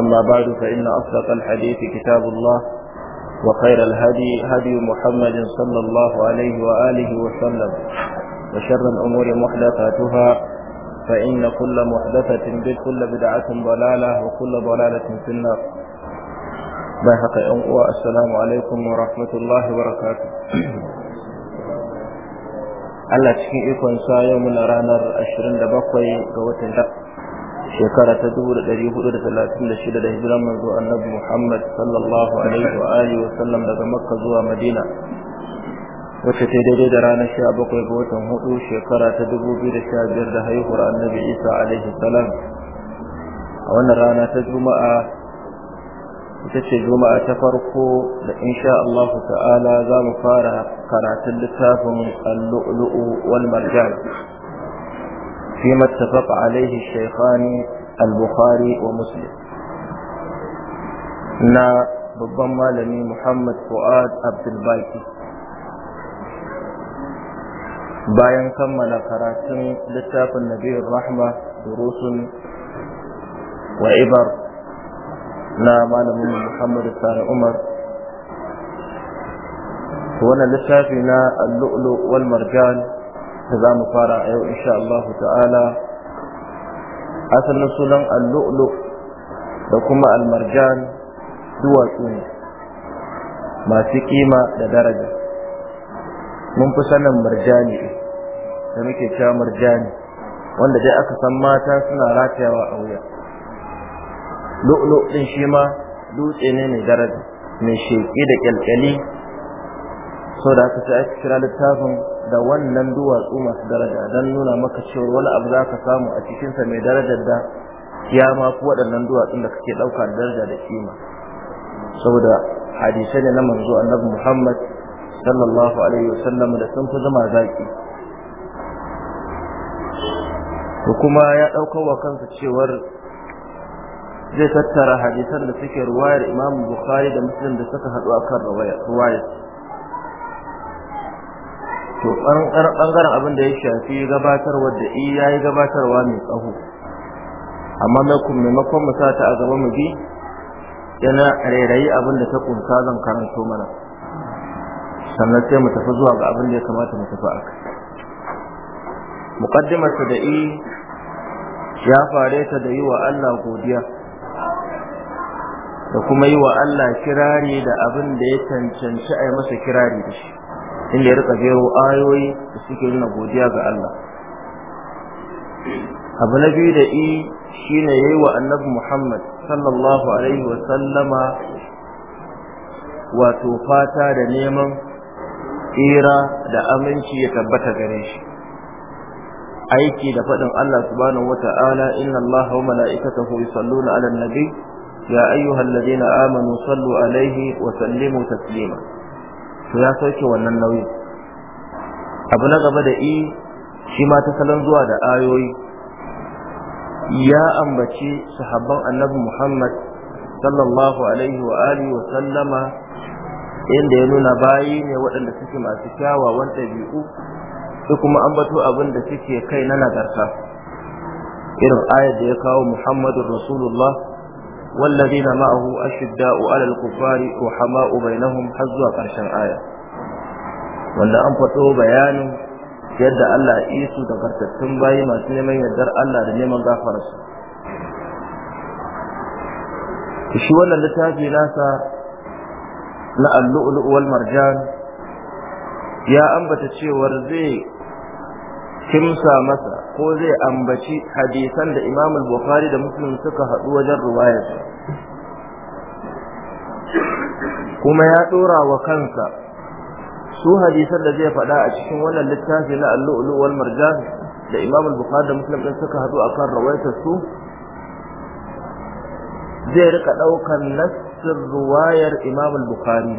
أما بعد فإن أصدق الحديث كتاب الله وخير الهدي هدي محمد صلى الله عليه وآله وسلم وشر الأمور محدثاتها فإن كل محدثة بكل بدعة ضلالة وكل ضلالة في النار بحق أنقوى السلام عليكم ورحمة الله وبركاته Allah cikin ikonsa yau muna ranar 27 ga watan shekara ta dubu da ɗari hudu da talatin da shida da hijiran manzo annabi muhammad sallallahu alaihi wa alihi wa sallam daga makka zuwa madina wacce ta daidai da ranar sha bakwai ga watan hudu shekara ta dubu biyu da sha biyar da haihuwar annabi isa alaihi salam a wannan rana ta juma'a ita ce juma'a ta farko da insha Allah ta'ala za mu fara karatun littafin al-lu'lu'u wal marjan فيما اتفق عليه الشيخان البخاري ومسلم نا babban malami Muhammad Fuad Abdulbaki bayan kammala karatun littafin Nabiyar Rahma durusun wa ibar na malamin Muhammadu Sani Umar wannan littafi na al wal marjan da za mu fara a yau insha Allah ta'ala asalin sunan allu'lu da kuma almarjan duwatsu ne masu kima da daraja mun fi sanin marjani da muke cewa marjani wanda dai aka san mata suna ratayawa a wuya lu'lu din shi ma dutse ne mai daraja mai sheƙi da kyalkyali sau da aka sai ake kira littafin da wannan duwatsu masu daraja don nuna maka cewa wani abu za ka samu a cikinsa mai darajar da ya ma fi waɗannan duwatsun da kake ɗauka daraja da kima saboda hadisai ne na manzo annabi muhammad sallallahu alaihi wasallam da sun fi zama zaki to kuma ya ɗauka wa kansa cewar zai tattara hadisan da suke ruwayar imam bukhari da muslim da suka haɗu akan ruwayar to ɓangaren abin da ya shafi gabatarwa da i ya yi gabatarwa mai tsaho amma maimakon mu sa ta a gaba mu bi yana rairayi abin da ta kunsa zan karanto mana sannan sai mu tafi zuwa ga abin da ya kamata mu tafi aka ta da ya fare ta da yi wa Allah godiya da kuma yi wa Allah kirari da abin da ya cancanci a yi masa kirari da shi inda ya rika jero ayoyi da suke nuna godiya ga Allah abu na biyu da i shine yayi wa annabi Muhammad sallallahu alaihi wa sallama wato fata da neman tsira da aminci ya tabbata gare shi aiki da faɗin Allah subhanahu wata'ala inna Allah wa mala'ikatahu yusalluna 'alan nabi ya ayyuhalladhina amanu sallu alaihi wa sallimu taslima to ya sauke wannan nauyin. abu na gaba da i shi ma ta salon zuwa da ayoyi ya ambaci sahabban annabi muhammad sallallahu alaihi wa alihi wa sallama inda ya nuna bayi ne waɗanda suke masu kyawawan ɗabi'u su kuma ambato abin da suke kai na nagarta irin ayar da ya kawo muhammadun rasulullah والذين معه أشداء على الكفار رحماء بينهم حزوا قرشا آية wanda an fito bayanin yadda Allah ya yi su da kartattun bayi masu neman yardar Allah da neman gafararsa shi wannan littafi nasa na al marjan ya ambata cewar zai kimsa masa ko zai ambaci hadisan da Imam Bukhari da Muslim suka hadu wajen ruwayar kuma ya ɗora wa kansa su hadisan da zai faɗa a cikin wannan littafi na Al-Lu'lu wal Marjan da Imam Bukhari da Muslim din suka haɗu akan rawaitar su zai rika ɗaukan nassin ruwayar Imam Bukhari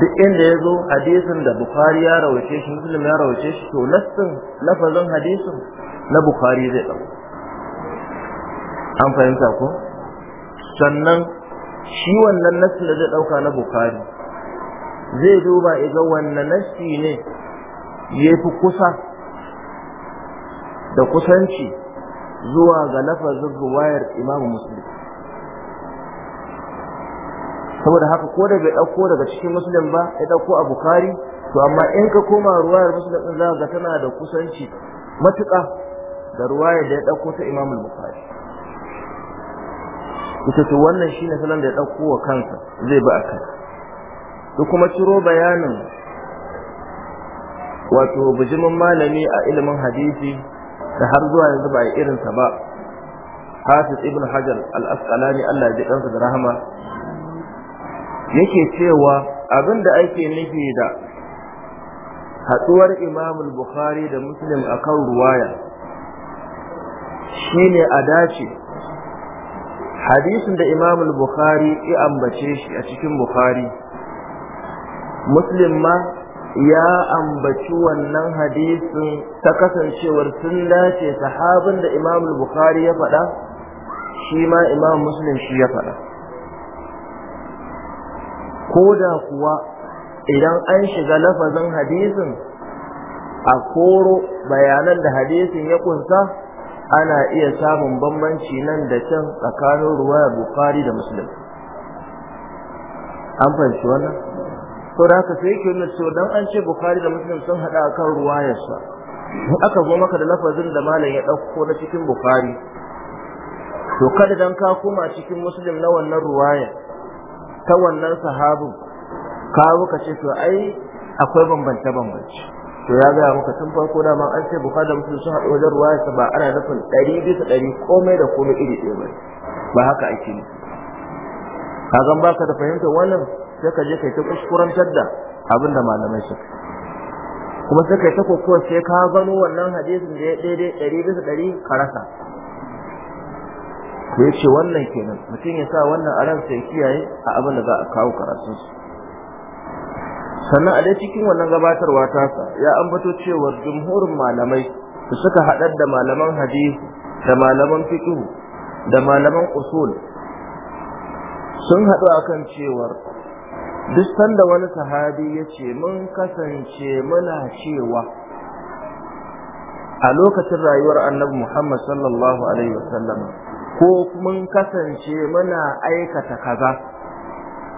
duk inda ya zo hadisin da bukhari ya rawace shi muslim ya rawace shi to nassin lafazin hadisin na bukhari zai ɗauka an fahimta ko sannan shi wannan nassi da zai ɗauka na bukhari zai duba iga wannan nassi ne ya fi kusa da kusanci zuwa ga lafazin ruwayar imamu muslim saboda haka ko da bai ɗauko daga cikin musulun ba ya ɗauko a bukari to amma in ka koma ruwayar musulun ɗin za ka tana da kusanci matuƙa da ruwaya da ya dauko ta imamul bukari ita to wannan shine salan da ya ɗauko wa kansa zai bi a to kuma ciro bayanin wato bijimin malami a ilimin hadisi da har zuwa yanzu ba a irinsa ba hafiz ibn hajar al-asqalani Allah ya ji kansa da rahama yake cewa abin da ake nufi da hatsuwar Imam bukhari da muslim akan ruwaya shine a dace hadisin da Imam bukhari ya ambace shi a cikin bukhari muslim ma ya ambaci wannan hadisin ta kasancewar sun dace sahabin da Imam bukhari ya faɗa shi ma imam muslim shi ya faɗa Koda kuwa idan an shiga lafazin hadisin a koro bayanan da hadisin ya kunsa ana iya samun bambanci nan da can tsakanin ruwaya bukari da muslim an fahimci wannan to da haka sai ke nuna cewa dan an ce bukari da muslim sun hada kan ruwayarsa in aka zo maka da lafazin da malam ya ɗauko na cikin bukari to kada dan ka koma cikin muslim na wannan ruwayar ta wannan sahabin kawo ka ce to ai akwai bambance bambance to ya gaya muka tun farko da an ce bukhari da muslim sun haɗu wajen ruwaya ba ana nufin ɗari bisa ɗari komai da komai iri ɗaya ba ba haka ake ne Ka gan baka da fahimtar wannan sai ka je kai ta kuskurantar da abin da malamai suka kuma sai kai ta kokowa sai ka gano wannan hadisin da ya daidai ɗari bisa ɗari ka rasa ko yace wannan kenan mutum ya sa wannan a ransa sai kiyaye a abin da za a kawo karatu sannan a dai cikin wannan gabatarwa sa, ya ambato cewar jumhurin malamai da suka haɗar da malaman hadisi da malaman fiqh da malaman usul sun haɗu akan cewa duk sanda wani sahabi ya ce mun kasance muna cewa a lokacin rayuwar annabi Muhammad sallallahu alaihi wasallam ko mun kasance muna aikata kaza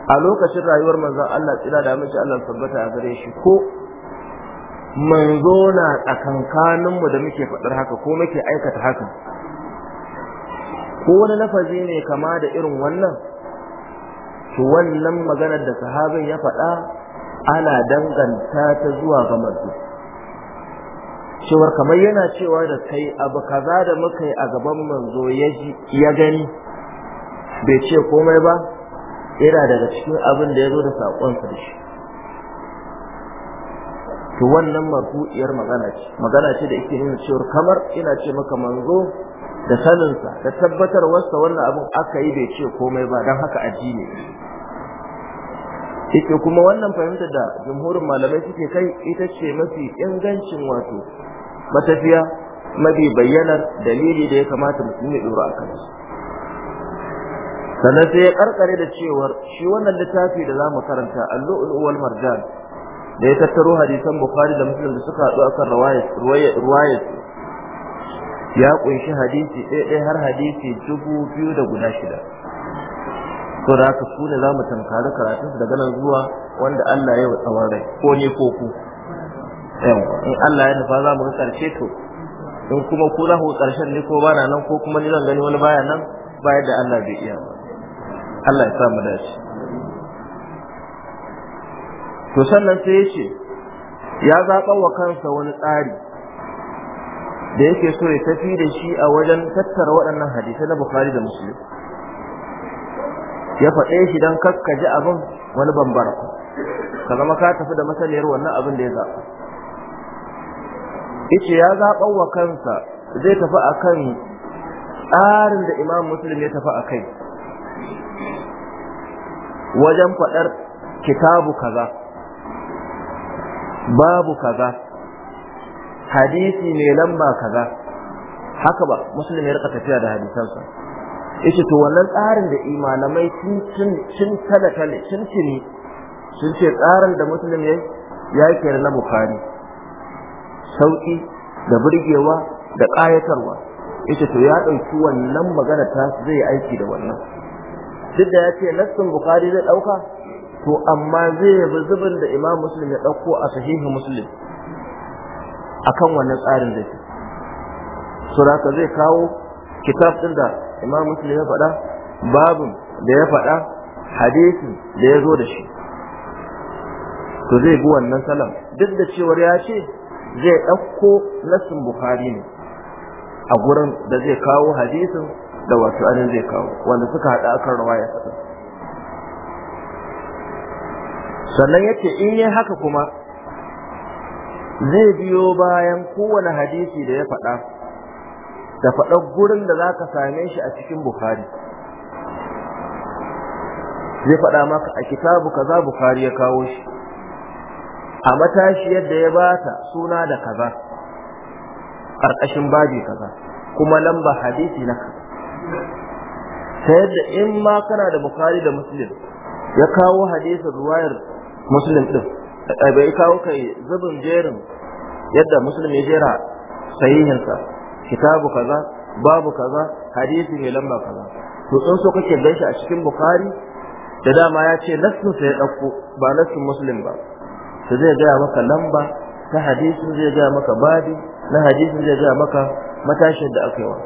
a lokacin rayuwar manzon Allah tsira da miji Allah tabbata a gare shi ko manzo na mu da muke faɗar haka ko muke aikata haka ko wani lafazi ne kama da irin wannan to wannan maganar da sahabin ya faɗa ana danganta ta zuwa ga manzo cewar kamar yana cewa da kai abu kaza da muka yi a gaban manzo ya gani bai ce komai ba yana daga cikin abin da ya zo da saƙonsa da shi to wannan marfu'iyar magana ce magana ce da yake nuna cewa kamar ina ce maka manzo da saninsa da tabbatar wasa wannan abin aka yi bai ce komai ba don haka addini ita kuma wannan fahimtar da jumhurin malamai suke kai ita ce mafi ingancin wato matafiya mabi bayyanar dalili da ya kamata mu ya dora a kan sannan sai ya karkare da cewar shi wannan littafi da zamu karanta al-lu'lu marjan da ya tattaro hadisan bukhari da muslim da suka hadu akan riwayat riwayat ya kunshi hadisi ɗaya ɗaya har hadisi dubu biyu da guda shida to da haka su ne mu tankari karatun daga nan zuwa wanda Allah ya yi tsawon rai ko ne ko ku in Allah ya nufa za mu ga karshe to in kuma ku za ku karshen ne ko ba na nan ko kuma ni zan gani wani baya nan ba yadda Allah bai iya ba Allah ya samu dace to sannan sai ya ce ya zaɓa wa kansa wani tsari da yake so ya tafi da shi a wajen tattara waɗannan hadisai na Bukhari da Muslim ya faɗe shi don kakkaji abin wani bambara ka zama ka tafi da masaniyar wannan abin da ya zaɓa yace ya zaɓar wa kansa zai tafi akan tsarin da imam muslim ya tafi akai wajen faɗar kitabu kaza babu kaza hadisi mai lamba kaza haka ba muslim ya rika tafiya da hadisansa yace to wannan tsarin da imanamai sun sun tale tale sun sun ce tsarin da muslim ya yi na bukhari sauki da burgewa da ƙayatarwa yace to ya ɗauki wannan magana ta zai aiki da wannan duk da ya ce nassin Bukhari zai ɗauka to amma zai bi zubin da imam muslim ya ɗauko a sahihin muslim akan wannan tsarin zai suraka zai kawo kitab ɗin da imam muslim ya faɗa babin da ya faɗa hadisin da ya zo da shi to zai bi wannan salam duk da cewar ya ce zai ɗauko nassin bukhari ne a gurin da zai kawo hadisin da wasu anin zai kawo wanda suka haɗa akan rawaya saka sannan yace in yi haka kuma zai biyo bayan kowane hadisi da ya faɗa da faɗar gurin da za ka same shi a cikin bukhari zai faɗa maka a kitabu kaza bukhari ya kawo shi a matashiyar da ya bata suna da kaza ƙarƙashin babi kaza kuma lamba hadisi na kaza ta yadda in ma kana da bukari da muslim ya kawo hadisin ruwayar muslim din bai kawo kai zubin jerin yadda muslim ya jera sahihinsa kitabu kaza babu kaza hadisi mai lamba kaza to in so kake gaishe a cikin bukari da dama ya ce nassin sai ya ɗauko ba nassin muslim ba to zai gaya maka lamba ta hadisin zai gaya maka babi na hadisin zai gaya maka matashin da aka yi wa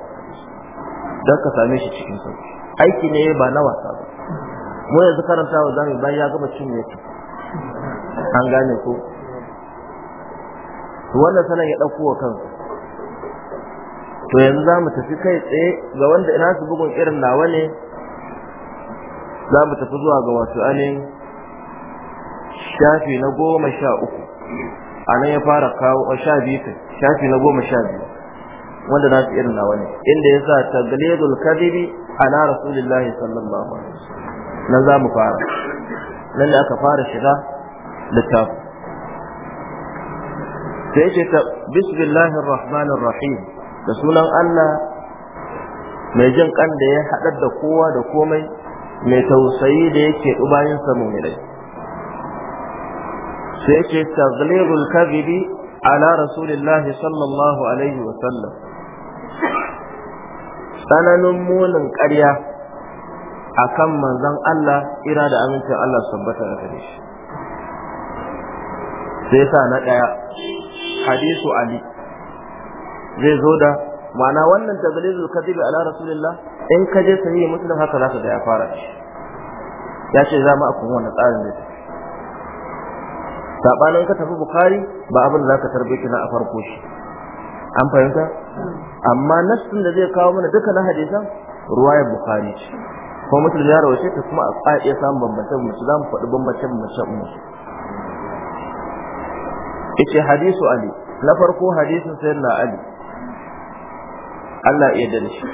don ka same shi cikin sauki aiki ne ba na wasa ba mu yanzu karanta wa zamu bayan ya gama cin yake an gane ko to wannan sanan ya dauko wa kansa to yanzu zamu tafi kai tsaye ga wanda ina su bugun irin nawa ne zamu tafi zuwa ga wasu anin shafi na goma sha uku a nan ya fara kawo a sha biyu shafi na goma sha biyu wanda na su irin nawa ne inda ya sa kadiri a na rasulullahi sallallahu alaihi wasallam nan za mu fara nan da aka fara shiga littafi sai ce ta bismillahir rahmanir rahim da sunan Allah mai jin kan da ya haɗar da kowa da komai mai tausayi da yake ɗubayin sa mu'minai sai yake tazlirul kadhibi ala rasulillahi sallallahu alaihi wa sallam tsananin munin ƙarya akan manzon Allah ira da amincin Allah sabbata da kare shi sai sa na ɗaya hadisu ali zai zo da ma'ana wannan tazlirul kadhibi ala rasulillah in ka je sahihi muslim haka ka ga ya fara shi ya ce za mu akwai wannan tsarin da sabanin ka tafi bukhari ba abin za zaka tarbe kina a farko shi an fahimta amma nassin da zai kawo mana duka na hadisan ruwayar bukhari ce ko mutum ya rawace ta kuma a tsaye samun bambance mu su zamu faɗi bambance mu ce mu yace hadisu ali na farko hadisin sayyidina ali Allah ya yarda da shi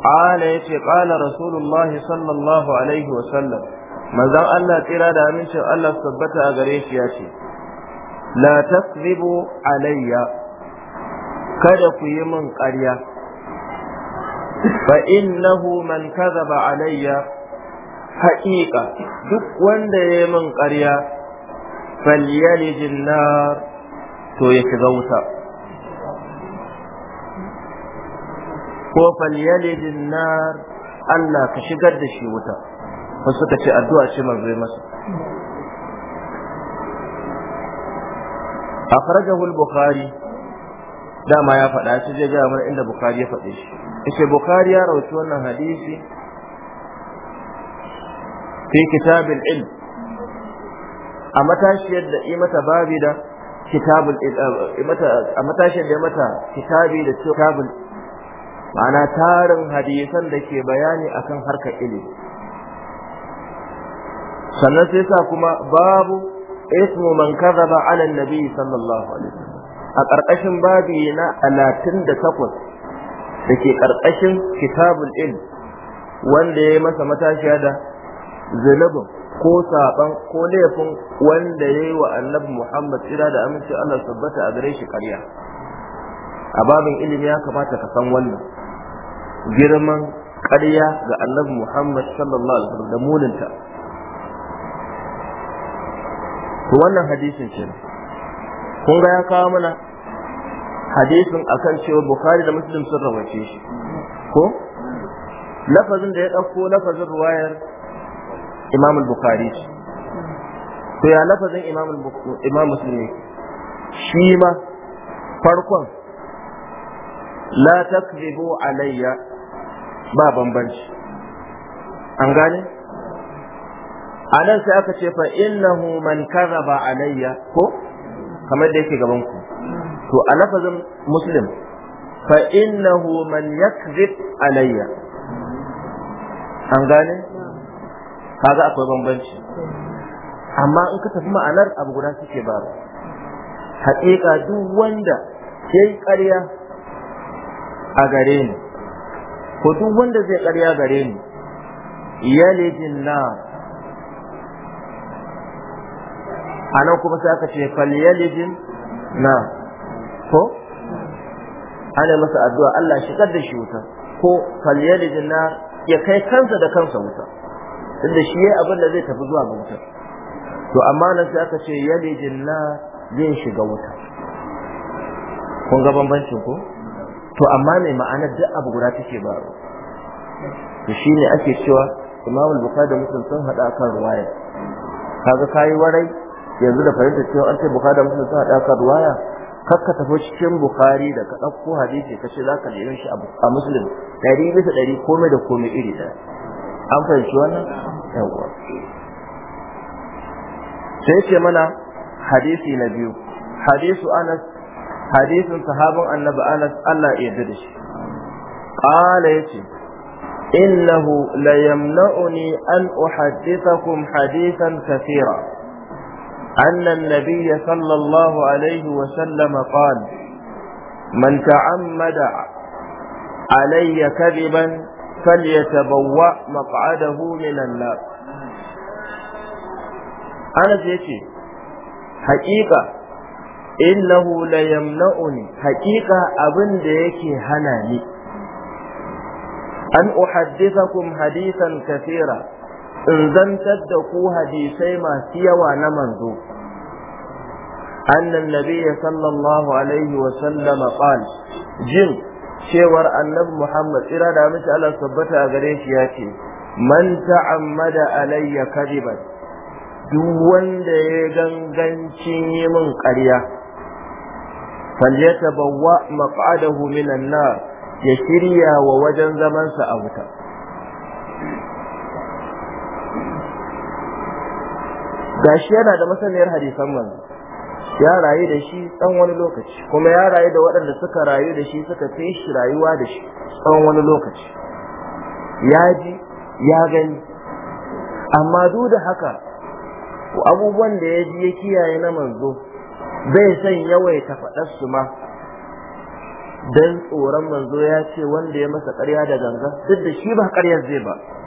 قال يتي قال رسول الله صلى الله عليه وسلم Mazan Allah tsira da amincin Allah tabbata a gare shi ya ce la tasribu alayya kada ku yi min ƙarya fa innahu man kadhaba alayya haƙiƙa duk wanda ya yi min ƙarya falyalijin nar to ya shiga wuta ko falyalijin nar Allah ka shigar da shi wuta wasu suka ce addu'a ce manzo masa akhrajahu al-bukhari dama ya faɗa shi zai gaya mana inda bukari ya faɗe shi yace bukari ya rawaci wannan hadisi fi kitabul ilm a matashiyar da yi mata babi da kitabul eh, a matashiyar da mata kitabi da kitabul ma'ana tarin hadisan da ke bayani akan harkar ilimi sannan sai sa kuma babu ismu man kadhaba ala annabi sallallahu alaihi wasallam a karkashin babi na 38 dake karkashin kitabul ilm wanda ya masa matashiya da zunubin ko saban ko laifin wanda ya yi wa annabi Muhammad ira da aminci Allah sabbata a gare shi kariya a babin ilimi ya kamata ka san wannan girman ƙarya ga annabi Muhammad sallallahu alaihi wasallam da muninta to wannan hadisin ce kun ga ya kawo mana hadisin akan cewa bukhari da muslim sun rawace shi ko lafazin da ya ɗauko lafazin ruwayar imam bukhari ce to ya lafazin imam imam muslim shi ma farkon la takzibu alayya ba bambanci an gane a nan sai aka ce fa innahu man karaba alayya ko kamar da yake gaban ku to a lafazin muslim fa innahu man yakzib alayya an gane kaga akwai bambanci amma in ka tafi ma'anar abu guda suke ba haƙiƙa duk wanda ya ƙarya a gare ni ko duk wanda zai ƙarya gare ni ya na a nan kuma sai aka ce falyalijin na ko ana masa addu'a Allah shigar da shi wuta ko falyalijin na ya kai kansa da kansa wuta tunda shi yayi abin da zai tafi zuwa ga wuta to amma nan sai aka ce yalijin na zai shiga wuta kun ga bambancin ko to amma mai ma'anar duk abu guda take ba to shine ake cewa Imam Bukhari da Muslim sun hada kan ruwaya kaga kai warai yanzu da fahimta cewa an ce bukhari da muslim sun haɗa ka ruwaya kakka tafi cikin bukhari da ka ɗauko hadisi ka ce za shi a muslim ɗari bisa ɗari komai da komai iri ɗaya an fahimci wannan yawwa sai ce mana hadisi na biyu hadisu anas hadisin sahabin annabi anas Allah ya yarda da shi qala yace innahu la yamna'uni an uhaddithakum hadithan kathira أن النبي صلى الله عليه وسلم قال من تعمد علي كذبا فليتبوأ مقعده من النار أنا يتي حقيقة إنه ليمنعني حقيقة أبن ديكي هناني أن أحدثكم حديثا كثيرا in zantar da ku hadisai masu yawa na manzo annan nabiyya sallallahu alaihi wa sallama qala jin cewar annabi muhammad tsira da mace Allah tabbata a gare shi ya ce man ta'ammada alayya kadiban duk wanda ya gangancin yi min ƙarya bawa maq'adahu minan nar ya shirya wa wajen zamansa a wuta gashi yana da masaniyar hadisan manzo ya rayu da shi tsawon wani lokaci kuma ya rayu da waɗanda suka rayu da shi suka fi shi rayuwa da shi tsawon wani lokaci ya ji ya gani amma duk da haka abubuwan da ya ji ya kiyaye na manzo bai san yawaita faɗar su ma dan tsoron manzo ya ce wanda ya masa ƙarya da ganga duk da shi ba ƙaryar zai ba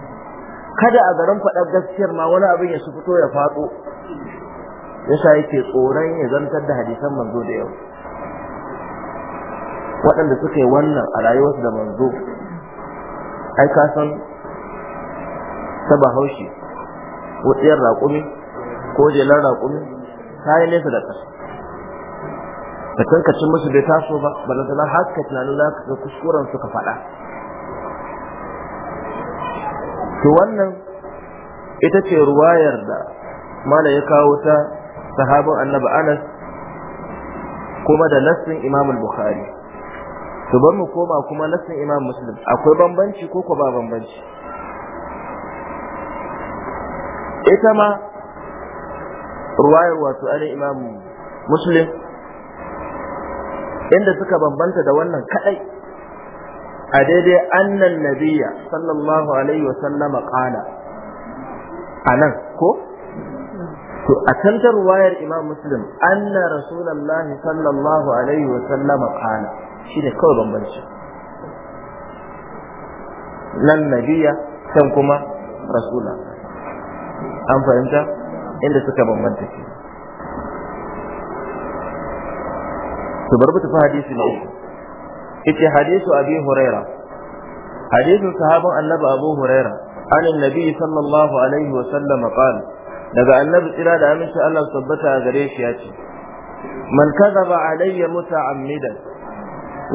kada a garin faɗar gaskiyar ma wani abin ya su fito ya faɗo sa yake tsoron ya zantar da hadisan manzo da yau waɗanda suka yi wannan a rayuwarsu da manzo ai ka san ta bahaushe wutsiyar raƙumi ko jelar raƙumi ta yi nesa da ƙasa da kankacin musu bai taso ba ba na haka tunanin za ka kuskuren suka faɗa to wannan ita ce ruwayar da mala ya kawo ta sahabin annabi anas kuma da nassin imam bukhari to bar mu koma kuma nassin imam muslim akwai bambanci ko ko ba bambanci ita ma ruwayar wato ana imam muslim inda suka bambanta da wannan kadai a daidai annan nabiya sallallahu alaihi wasallama qala anan ko to a kan ruwayar imam muslim anna rasulullahi sallallahu alaihi wasallama qala shine kawai bambanci nan nabiya can kuma rasula an fahimta inda suka bambanta ke to bari mu fa hadisi na uku yace hadisu abi huraira hadisin sahaban annabi abu huraira an annabi sallallahu alaihi wa sallam qala daga annabi tsira da aminci Allah tabbata a gare shi yace man kadhaba alayya muta'ammidan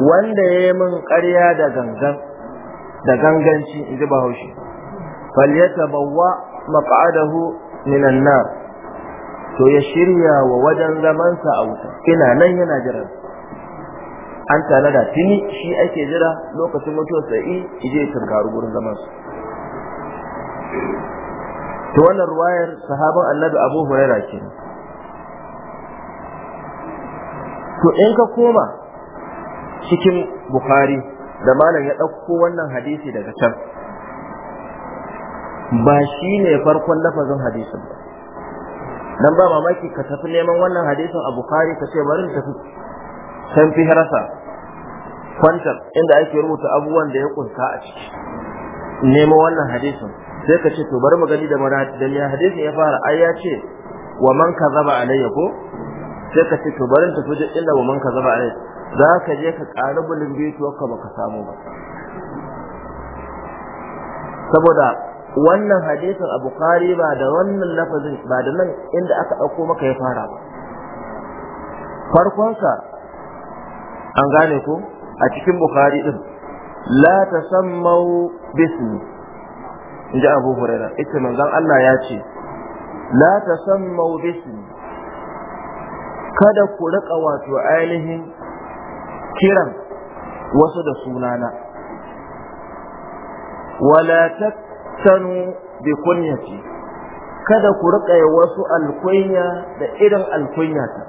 wanda yayi min ƙarya da gangan da ganganci ji bahaushe falyatabawwa maq'adahu minan nar to ya shirya wa wajen zamansa a wuta ina nan yana jiransa an tare da tuni shi ake jira lokacin mutuwar sa'i ije karu gurin zaman su to wannan ruwayar sahaban annabi abu huraira ke to in ka koma cikin bukhari da malam ya ɗauko wannan hadisi daga can ba shi ne farkon lafazin hadisin ba dan ba mamaki ka tafi neman wannan hadisin a bukhari ka ce bari tafi san fi harasa kwantar inda ake rubuta abubuwan da ya kunsa a ciki nemo wannan hadisin sai ka ce to bari mu gani da marati da ya hadisin ya fara ai ya ce wa man kazaba alayya ko sai ka ce to bari ta fuje illa wa man kazaba alayya za ka je ka ƙari bulin bituwar ka baka samu ba saboda wannan hadisin a bukari ba da wannan lafazin ba da nan inda aka ɗauko maka ya fara ba farkonsa an gane ko a cikin bukhari din la tasammau bismi ji abu huraira ita manzon Allah ya ce la tasammau bismi kada ku rika wato ainihin kiran wasu da sunana wala tattanu bi kunyati kada ku rika wasu alkunya da irin alkunyata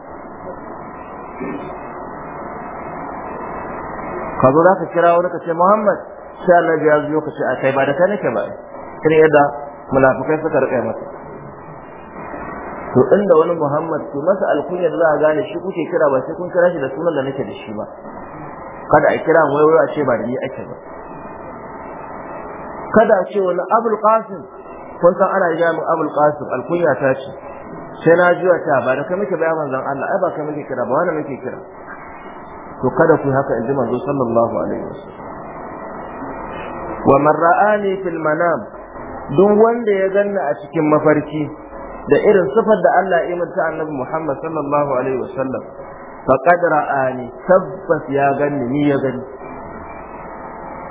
ka zo ka kira wani ka ce Muhammad sai Allah ya zo ka ce a kai ba da ka nake ba kare yadda munafikai suka rike masa to inda wani Muhammad ke masa alkunya da za a gane shi kuke kira ba sai kun kira shi da sunan da nake da shi ba kada a kira wai wai a ce ba da ni ake ba kada a ce wani Abul Qasim kun san ana gaya min Abul Qasim alkunya ta ce sai na juya ta ba da kai muke bayan manzon Allah ai ba kai muke kira ba wani muke kira to kada ku haka in ji manzo sallallahu alaihi wasallam wa man ra'ani fil manam duk wanda ya ganna a cikin mafarki da irin sifar da Allah ya manta annabi Muhammad sallallahu alaihi wasallam faqad ra'ani tabbas ya ganni ni ya gani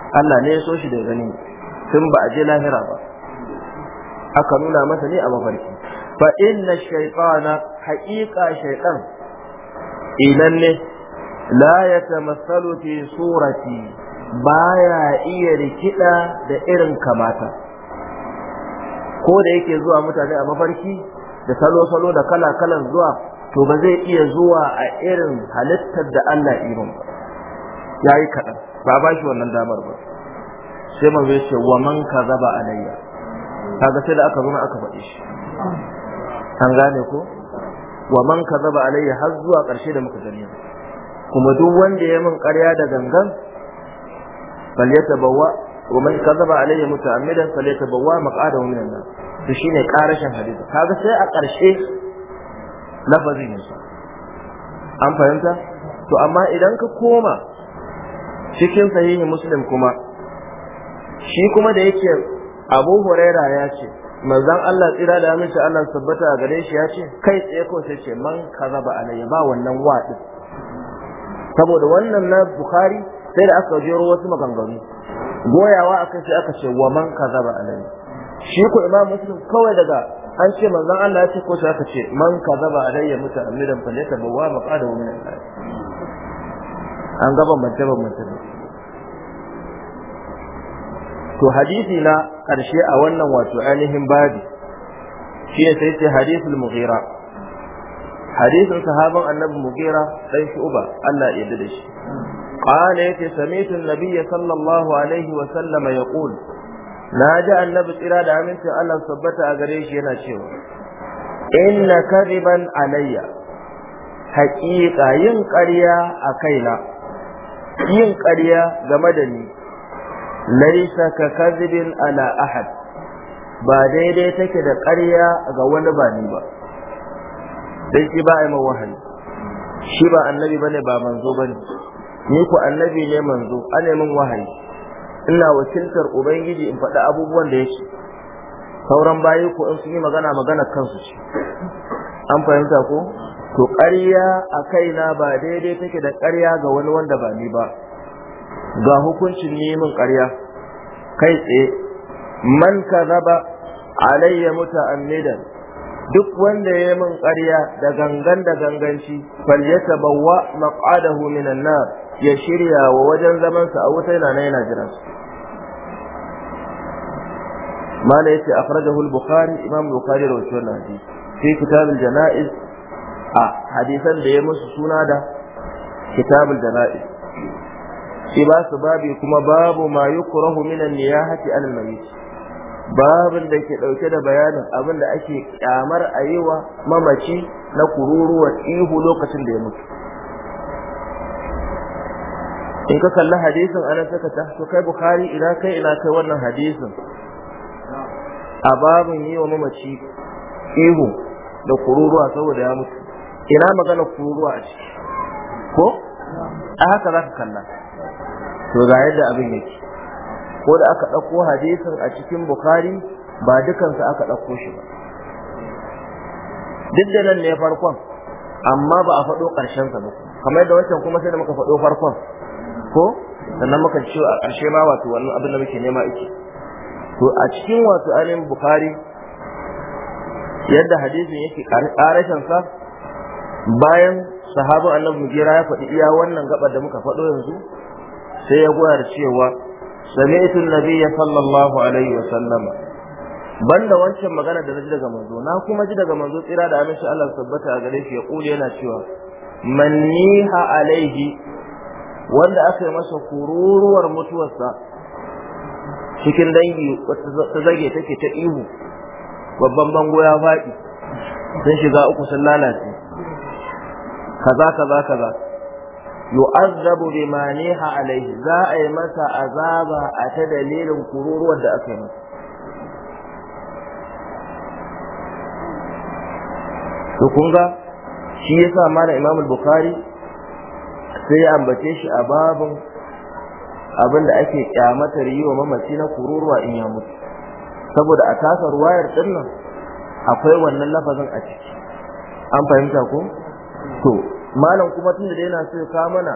Allah ne ya so shi da gani tun ba a je lahira ba aka nuna masa ne a mafarki fa inna shaytana haqiqa shaytan idan ne Layata ya tamassalu fi surati baya iya rikida da irin kamata ko da yake zuwa mutane a mafarki da salo-salo da kala-kalan zuwa to ba zai iya zuwa a irin halittar da Allah irin ba ya yi kaɗan ba ba wannan damar ba sai manzo ya ce wa man kazaba alayya kaga sai da aka zo aka faɗi shi an gane ko wa man kazaba alayya har zuwa ƙarshe da muka gani kuma duk wanda ya min ƙarya da gangan falyatabawa wa man kadaba alayya muta'ammidan falyatabawa maq'adahu minan nar to shine qarashin hadisi kaga sai a ƙarshe lafazin yasa an fahimta to amma idan ka koma cikin sahihi muslim kuma shi kuma da yake abu huraira ya ce manzon Allah tsira da aminci Allah sabbata a gare shi ya ce kai tsaye ko sai ce man kadaba alayya ba wannan waɗin saboda wannan na bukhari sai da aka jero wasu maganganu goyawa kai sai aka ce wa man kazaba alai shi ko imam muslim kawai daga an ce manzon Allah ya ce ko sai aka ce man kazaba amiran fa laysa bawa maqada min alai an gaba mace ba mace to hadisi na karshe a wannan wato ainihin babi shi ne sai ce hadisul mughira hadisin sahaban annabi mugira dan uba Allah ya yarda da shi qala yace sami'tu an-nabiy sallallahu alaihi wa sallam yaqul na ji annabi tsira da amincin Allah sabbata a gare shi yana cewa inna kadiban alayya haƙiƙa yin ƙarya a kaina yin ƙarya game da ni laisa ka kadibin ala ahad ba daidai take da ƙarya ga wani ba ni ba dan shi ba a yi shi ba annabi bane ba manzo bane ni ku annabi ne manzo ane min wahayi ina wakiltar ubangiji in faɗi abubuwan da yake sauran bayi ko in sun yi magana magana kansu ce an fahimta ko to ƙarya a kaina ba daidai take da ƙarya ga wani wanda ba ni ba ga hukuncin ni min ƙarya kai tsaye man kazaba alayya muta'ammidan duk wanda ya min ƙarya da gangan da ganganci fal yatabawwa maq'adahu minan nar ya shirya wa wajen zaman sa a wuta yana yana jira mala yace akhrajahu al-bukhari imam bukhari rawaito wannan hadisi fi kitab al-janaiz a hadisan da ya musu suna da kitab janaiz shi ba su babi kuma babu ma yukrahu minan niyahati al-mayyit babin da ke ɗauke da bayanin abin da ake kyamar a yi wa mamaci na kururuwar ihu lokacin da ya mutu in ka kalli hadisin anan saka ta to kai bukhari ina kai ina kai wannan hadisin a babin yi wa mamaci ihu da kururuwa saboda ya mutu ina magana kururuwa a ciki ko a haka za ka kalla to ga yadda abin yake ko da aka ɗauko hadisin a cikin bukhari ba su aka ɗauko shi ba duk da nan ne farkon amma ba a faɗo sa ba kamar da wancan kuma sai da muka faɗo farkon ko sannan muka ce a karshe ma wato wannan abin da muke nema yake to a cikin wato alim bukhari yadda hadisin yake karashin sa bayan sahabu annabi mujira ya faɗi iya wannan gabar da muka faɗo yanzu sai ya goya cewa سمعت النبي صلى الله عليه وسلم banda wancan magana da ji daga manzo na kuma ji daga manzo tsira da aminci Allah tabbata a gare shi ya kule yana cewa manniha alaihi wanda aka yi masa kururuwar mutuwarsa cikin dangi ta zage take ta ihu babban bango ya faɗi sun shiga uku sun lalace kaza kaza kaza yu'azzabu bima niha alaihi za a yi masa azaba a ta dalilin kururuwar da aka yi to kun ga shi yasa mana Imam Bukhari sai ya ambace shi a babin abin da ake kyamatar yi wa mamaci na kururuwa in ya mutu saboda a tasa ruwayar dinnan, akwai wannan lafazin a ciki an fahimta ko to malam kuma tun da yana so ya kawo mana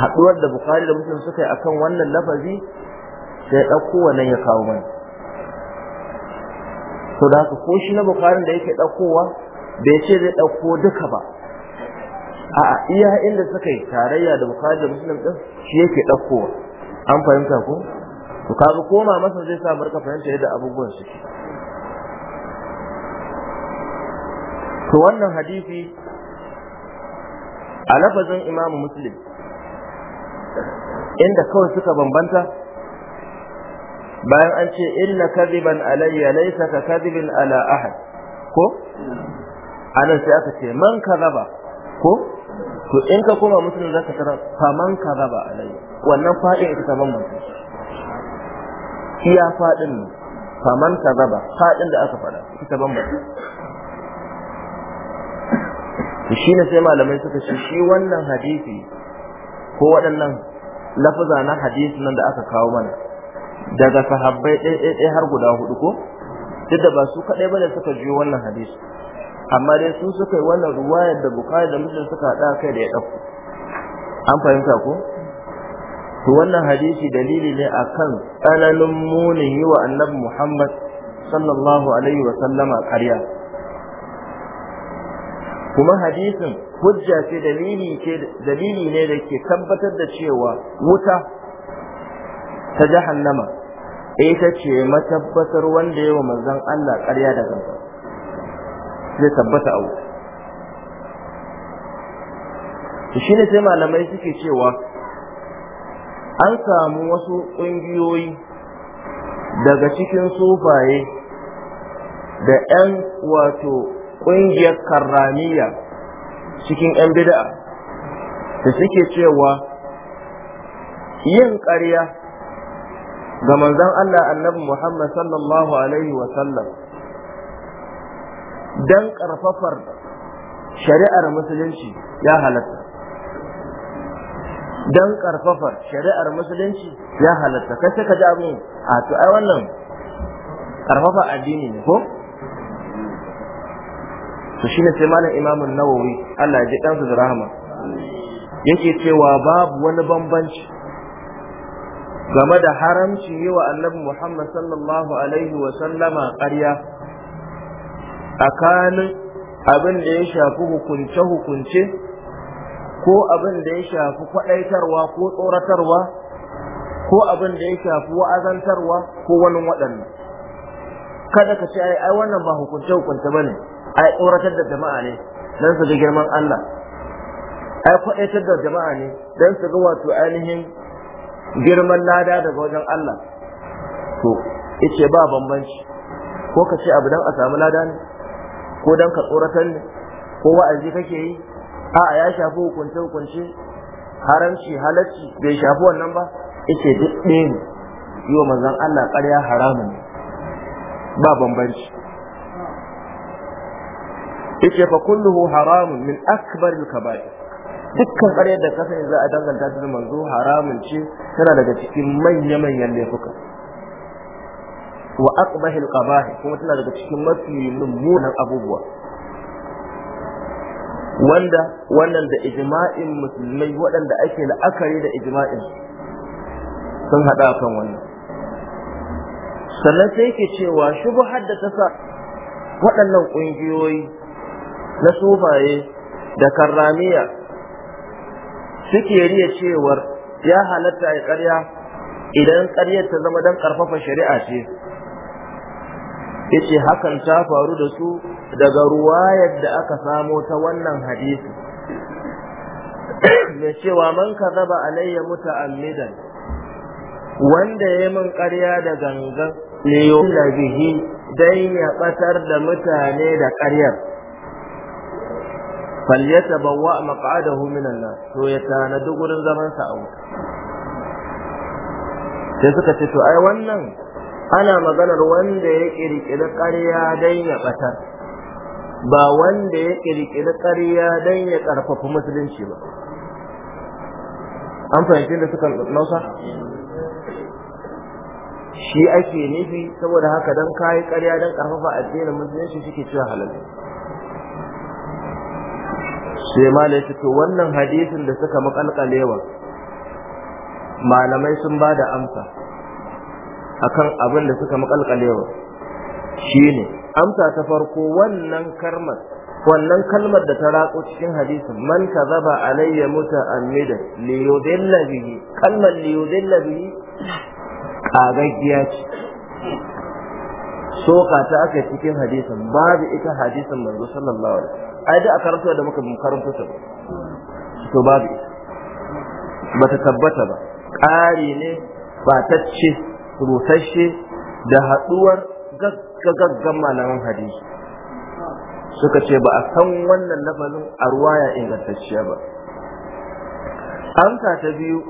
haɗuwar da bukari da muslim suka yi akan wannan lafazi sai ya ɗauko wannan ya kawo mana to da haka ko shi na bukari da yake ɗaukowa bai ce zai ɗauko duka ba A iya inda suka yi tarayya da bukari da muslim ɗin shi yake ɗaukowa an fahimta ko to kaga koma masa zai sa barka fahimta yadda abubuwan suke to wannan hadisi a lafazin imamu muslim inda kawai suka bambanta bayan an ce inna kadiban alayya laysa ka kadibin ala ahad ko anan sai aka ce man kadaba ko to in ka koma muslim zaka tara fa man kadaba alayya wannan fa'in ita ta bambanta iya fadin ne fa man kadaba fadin da aka fada ita ta bambanta to shi ne sai malamai suka ce shi wannan hadisi ko waɗannan lafaza na hadisi nan da aka kawo mana daga sahabbai ɗaya ɗaya har guda hudu ko duk da ba su kaɗai ba da suka ji wannan hadisi amma dai su suka yi wannan ruwayar da bukari da mutum suka haɗa kai da ya ɗauko an fahimta ko to wannan hadisi dalili ne akan tsananin munin yi wa annabi muhammad sallallahu alaihi wa sallama ƙarya kuma hadisin hujja ce dalili ce dalili ne da ke tabbatar da cewa wuta ta jahannama ita ce matabbatar wanda yawa manzon Allah ƙarya da gaba zai tabbata a wuta shi ne sai malamai suke cewa an samu wasu ƙungiyoyi daga cikin sufaye da 'yan wato ƙungiyar karramiya cikin 'yan bida'a da suke cewa yin ƙarya ga manzon Allah annabi Muhammad sallallahu alaihi wa sallam dan ƙarfafar shari'ar musulunci ya halatta Don ƙarfafar shari'ar musulunci ya halatta kai ka ji abin a to ai wannan ƙarfafa addini ne ko to shine sai malam imamu nawawi Allah ya ji kansa da rahama yake cewa babu wani bambanci game da haramci yi wa annabi Muhammad sallallahu alaihi wa sallama ƙarya tsakanin abin da ya shafi hukunce-hukunce ko abin da ya shafi kwaɗaitarwa ko tsoratarwa ko abin da ya shafi wa'azantarwa ko wani waɗannan kada ka ce ai wannan ba hukunce-hukunce ba ne ai tsoratar da jama'a ne dan su ga girman Allah ai kwaɗaitar da jama'a ne dan su ga wato ainihin girman lada daga wajen Allah to yace ba bambanci ko ka ce abu dan a samu lada ne ko dan ka tsoratar ne ko wa'azi kake yi a'a ya shafi hukunce hukunce haramci halacci bai shafi wannan ba yace duk ɗaya ne yi wa manzon Allah ƙarya haramun ba bambanci yake fa kulluhu haramun min akbar al-kaba'ir dukkan ƙaryar da kasan za a danganta ta manzo haramun ce tana daga cikin manya manyan laifuka wa aqbahi al kuma tana daga cikin mafi mummunan abubuwa wanda wannan da ijma'in musulmai waɗanda ake la'akari da ijma'in sun haɗa kan wannan sannan sai yake cewa shubuhar da ta sa waɗannan ƙungiyoyi na sufaye da karramiya suke riya cewar ya halatta a ƙarya idan karyar ta zama don ƙarfafa shari'a ce yace hakan ta faru da su daga ruwayar da aka samo ta wannan hadisi mai cewa man kazaba alayya muta'ammidan wanda ya min ƙarya da gangan ne yau bihi dan ya batar da mutane da ƙaryar falyatabawwa maq'adahu minan nar to ya tanadi gurin zaman sa a wuta sai suka ce to ai wannan ana maganar wanda ya kirkiri ƙarya dan ya batar ba wanda ya kirkiri ƙarya dan ya karfafa musulunci ba an fahimci da suka nausa shi ake nufi saboda haka dan kai ƙarya dan karfafa addinin musulunci suke cewa halal sai malai ya ce wannan hadisin da suka makalkalewa malamai sun ba da amsa akan abin da suka makalkalewa shine amsa ta farko wannan karmar wannan kalmar da ta rako cikin hadisin man kazaba alayya muta'ammidan li yudilla bihi kalmar li yudilla bihi kagaggiya ce soka ta aka cikin hadisin babu ita hadisin manzo sallallahu alaihi wasallam ai da aka karanta da muka mun karanta ta to babu bata tabbata ba ƙari ne batacce rusasshe da haduwar gaggagaggan malaman hadisi suka ce ba a san wannan lafazin a ruwaya ingantacciya ba amsa ta biyu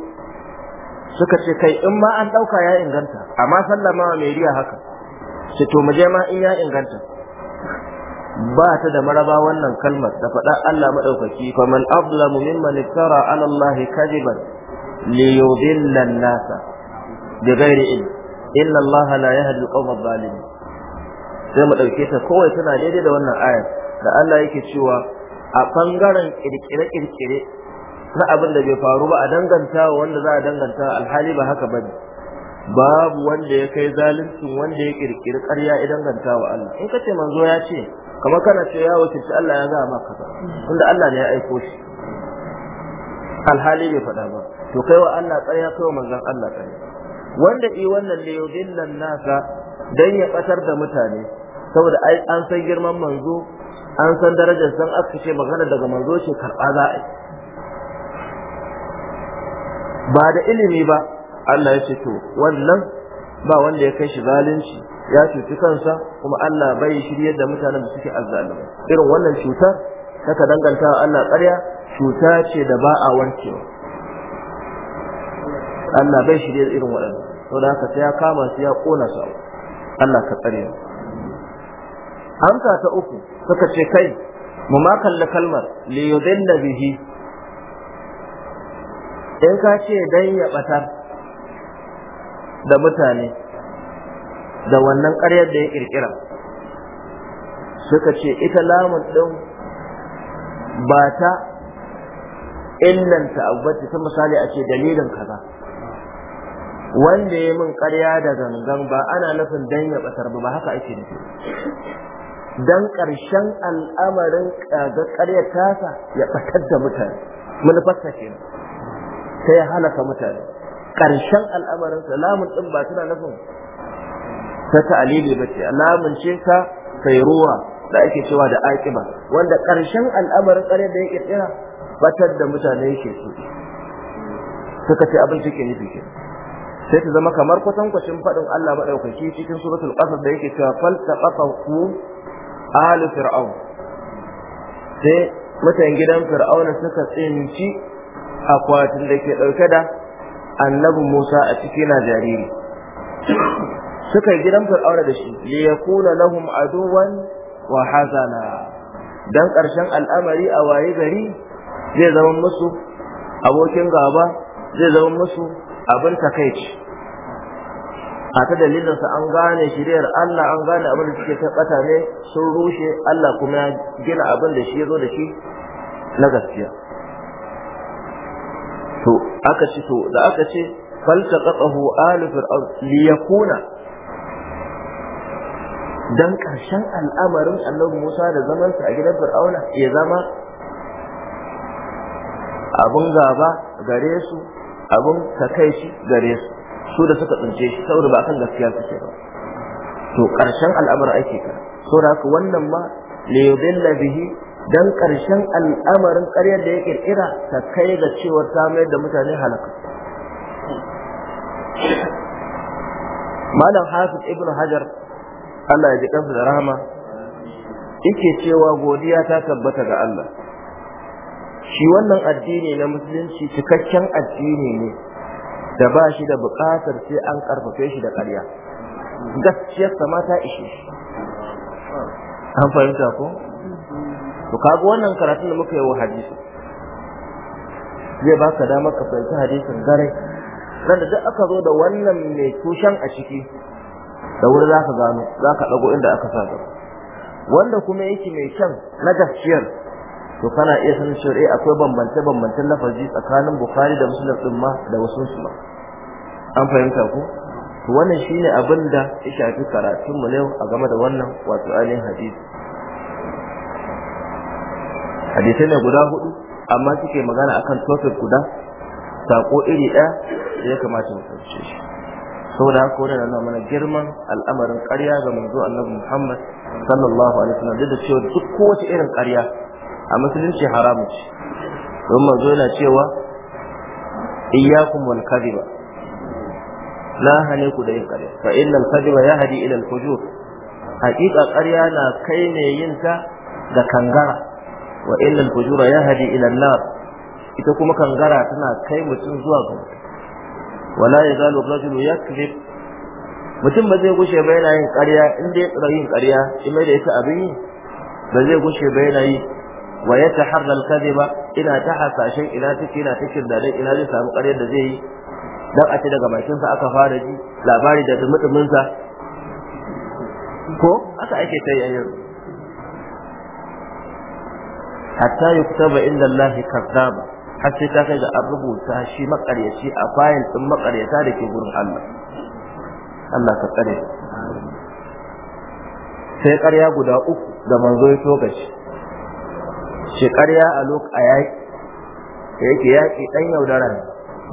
suka ce kai in ma an ɗauka ya inganta amma sallama mai riya haka ce to mu je ma in ya inganta ba ta da maraba wannan kalmar da faɗa Allah madaukaki faman azlamu mimman iftara ala Allah kadiban li yudilla an-nas bi ghairi ilm illa Allah la yahdi al-qawm adh sai mu dauke ta kowai tana daidai da wannan ayar, da Allah yake cewa a bangaren kirkire-kirkire na abin da bai faru ba a danganta wanda za a danganta alhali ba haka bane babu wanda ya kai zaluncin wanda ya kirkiri ƙarya idan ganta wa Allah in kace manzo ya ce kamar kana ce ya wakilci Allah ya ga maka tunda Allah ne ya aiko shi alhali bai faɗa ba to kai wa Allah ƙarya kai wa manzon Allah ƙarya wanda i wannan da dillan nasa dan ya ɓatar da mutane saboda ai an san girman manzo an san darajar san aka ce magana daga manzo ce karɓa za ba da ilimi ba Allah ya ce to wannan ba wanda ya kai shi zalunci ya cuci kansa kuma Allah bai shiryar da mutanen da suke azzalumai irin wannan cutar taka danganta Allah ƙarya cuta ce da ba a warkewa Allah bai shiryar irin waɗannan saboda haka sai ya kama su ya kona su Allah ka tsare Hanka ta uku suka ce kai mu ma kalla kalmar li yudilla bihi in ka ce dan ya batar da mutane da wannan ƙaryar da ya ƙirƙira suka ce ita lamun ɗin ba ta illanta abu ta misali a ce dalilin kaza wanda ya min ƙarya da gangan ba ana nufin dan ya ɓatar ba haka ake nufi dan ƙarshen al'amarin ƙaga ƙarya tasa ya ɓatar da mutane manufarsa ke ta ya halaka mutane ƙarshen al'amarin salamun ɗin ba tana nufin ta ta'alili ba ce alamun ce kairuwa sairuwa da ake cewa da aƙiba wanda ƙarshen al'amarin ƙarya da ya ƙirƙira batar da mutane yake su suka ce abin cikin nufi ke sai ta zama kamar kwatan kwacin faɗin Allah maɗaukaki cikin suratul ƙasar da yake cewa fal ku ahlu fir'aun sai mutan gidan fir'auna suka tsinci akwatin da ke ɗauke da annabi Musa a ciki na jariri suka gidan fir'auna da shi li yakuna lahum aduwan wa hazana dan ƙarshen al'amari a waye gari zai zama musu abokin gaba zai zama musu abin takaici a ta dalilinsa an gane shiriyar Allah an gane abin da suke tabbata ne sun rushe Allah kuma ya gina abin da shi ya zo da shi na gaskiya to aka ce to da aka ce faltaqahu alu fir'aun li yakuna dan karshen al'amarin annabi Musa da zaman sa a gidan fir'auna ya zama abun gaba gare su abun takaici gare su su da suka tsince shi saboda ba kan gaskiya suke ba to karshen al'amarin ake ka saboda haka wannan ma li yudilla bihi dan ƙarshen al'amarin ƙaryar da ya ƙirƙira ta kai ga cewar ta da mutane halaka malam hafiz ibnu hajar Allah ya ji da rahama yake cewa godiya ta tabbata ga Allah shi wannan addini na musulunci cikakken addini ne da ba shi da buƙatar sai an ƙarfafe shi da ƙarya gaskiyar sama ta ishe shi an fahimta ko to kaga wannan karatun da muka yi wa hadisi zai baka dama ka fahimci hadisin gare ran da duk aka zo da wannan mai tushen a ciki da wuri za ka gano za ka dago inda aka sa wanda kuma yake mai kyan na gaskiyar to kana iya sanin cewa eh akwai bambance bambancen lafazi tsakanin bukhari da muslim din ma da wasu su ma an fahimta ku? to wannan shine abin da ya shafi karatun mu ne a game da wannan wato ainihin hadisi hadisai ne guda hudu amma suke magana akan topic guda sako iri ɗaya da ya kamata mu fahimce shi saboda haka da yana mana girman al'amarin ƙarya ga manzo Annabi Muhammad sallallahu alaihi wasallam da cewa duk kowace irin ƙarya a musulunci haramu ce don manzo yana cewa iyyakum wal kadiba la hane ku da yin ƙarya fa innal Kadiba yahdi ila al fujur haƙiƙa ƙarya na kai ne yin ta da kangara wa illa al-fujur yahdi ila an-nar ita kuma kangara tana kai mutum zuwa ga wala yazalu rajulu yakzib mutum ba zai gushe ba yana yin ƙarya in dai tsara yin ƙarya in mai da ita abin yi ba zai gushe ba yana yi wa ya taharra al-kadhiba ina ta hasashen ina take ina take da dai ina zai samu ƙaryar da zai yi dan a ce daga bakin sa aka fara ji labari da mutumin sa ko aka ake ta yi yanzu hatta yuktaba inda Allah kazzaba har sai ta kai ga an rubuta shi makaryaci a fayil din makaryata da ke gurin Allah Allah ka tsare sai ƙarya guda uku da manzo ya toka shi shi ƙarya a lokaci yaƙi da yake yaƙi ɗan yaudara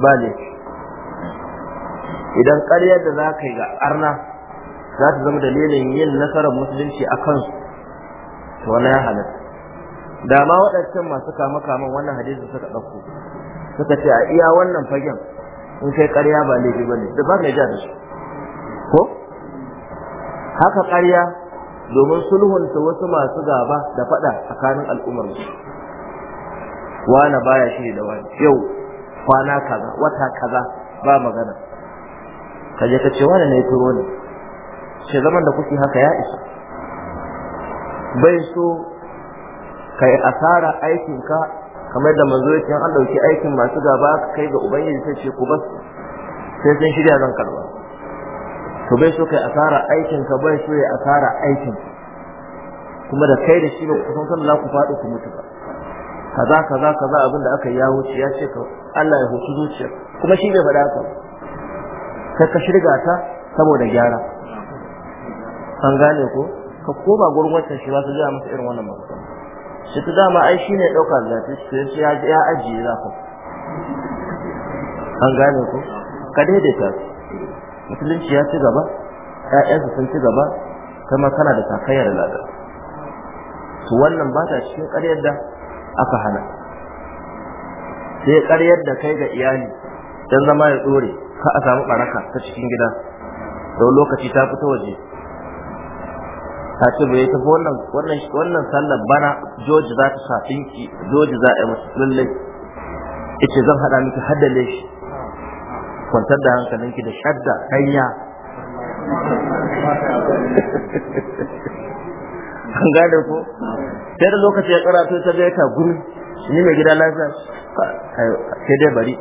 ba ne. idan ƙaryar da za ka yi ga arna za ta zama dalilin yin nasarar musulunci a kansu to wani ya halatta da ma waɗancan masu kama kaman wannan hadisi suka ɗauko suka ce a iya wannan fagen in kai ƙarya ba laifi ba ne da ba mai ja da su ko haka ƙarya domin sulhunta wasu masu gaba da faɗa tsakanin al'ummar su wana baya shi da wani yau kwana kaza wata kaza ba magana kaje ka ce wani ne turo ne ce zaman da kuke haka ya isa bai so kai asara aikinka kamar da manzo yake an dauki aikin masu gaba ka kai ga ubangiji sai ce ku bas sai sun shirya zan karba to bai so kai asara aikinka bai so ya asara aikin kuma da kai da shi ba kusan san za ku faɗi ku mutu ba kaza kaza kaza abinda aka yi ya wuce ya ce ka Allah ya hutu zuciya kuma shi bai faɗa ka ka ka shirga ta saboda gyara an gane ko ka koma gurin wancan shi ba su a masa irin wannan magana shi dama ai shi ne ɗaukar zafi sai ya ya ajiye za ku an gane ku ka daidaita su musulunci ya ci gaba 'ya'yansu sun ci gaba kama kana da takayyar lada to wannan ba ta cikin ƙaryar da aka hana sai ƙaryar da kai ga iyali dan zama ya dore ka a samu baraka ta cikin gida da lokaci ta fito waje ta ce bai tafi wannan wannan wannan sallar bana joji za ta sa dinki joji za a yi lalle ita zan hada miki haddale shi kwantar da hankalinki da shadda hanya an gane ko sai da lokaci ya karatu ta ga ta gurin. ni mai gida lafiya sai dai bari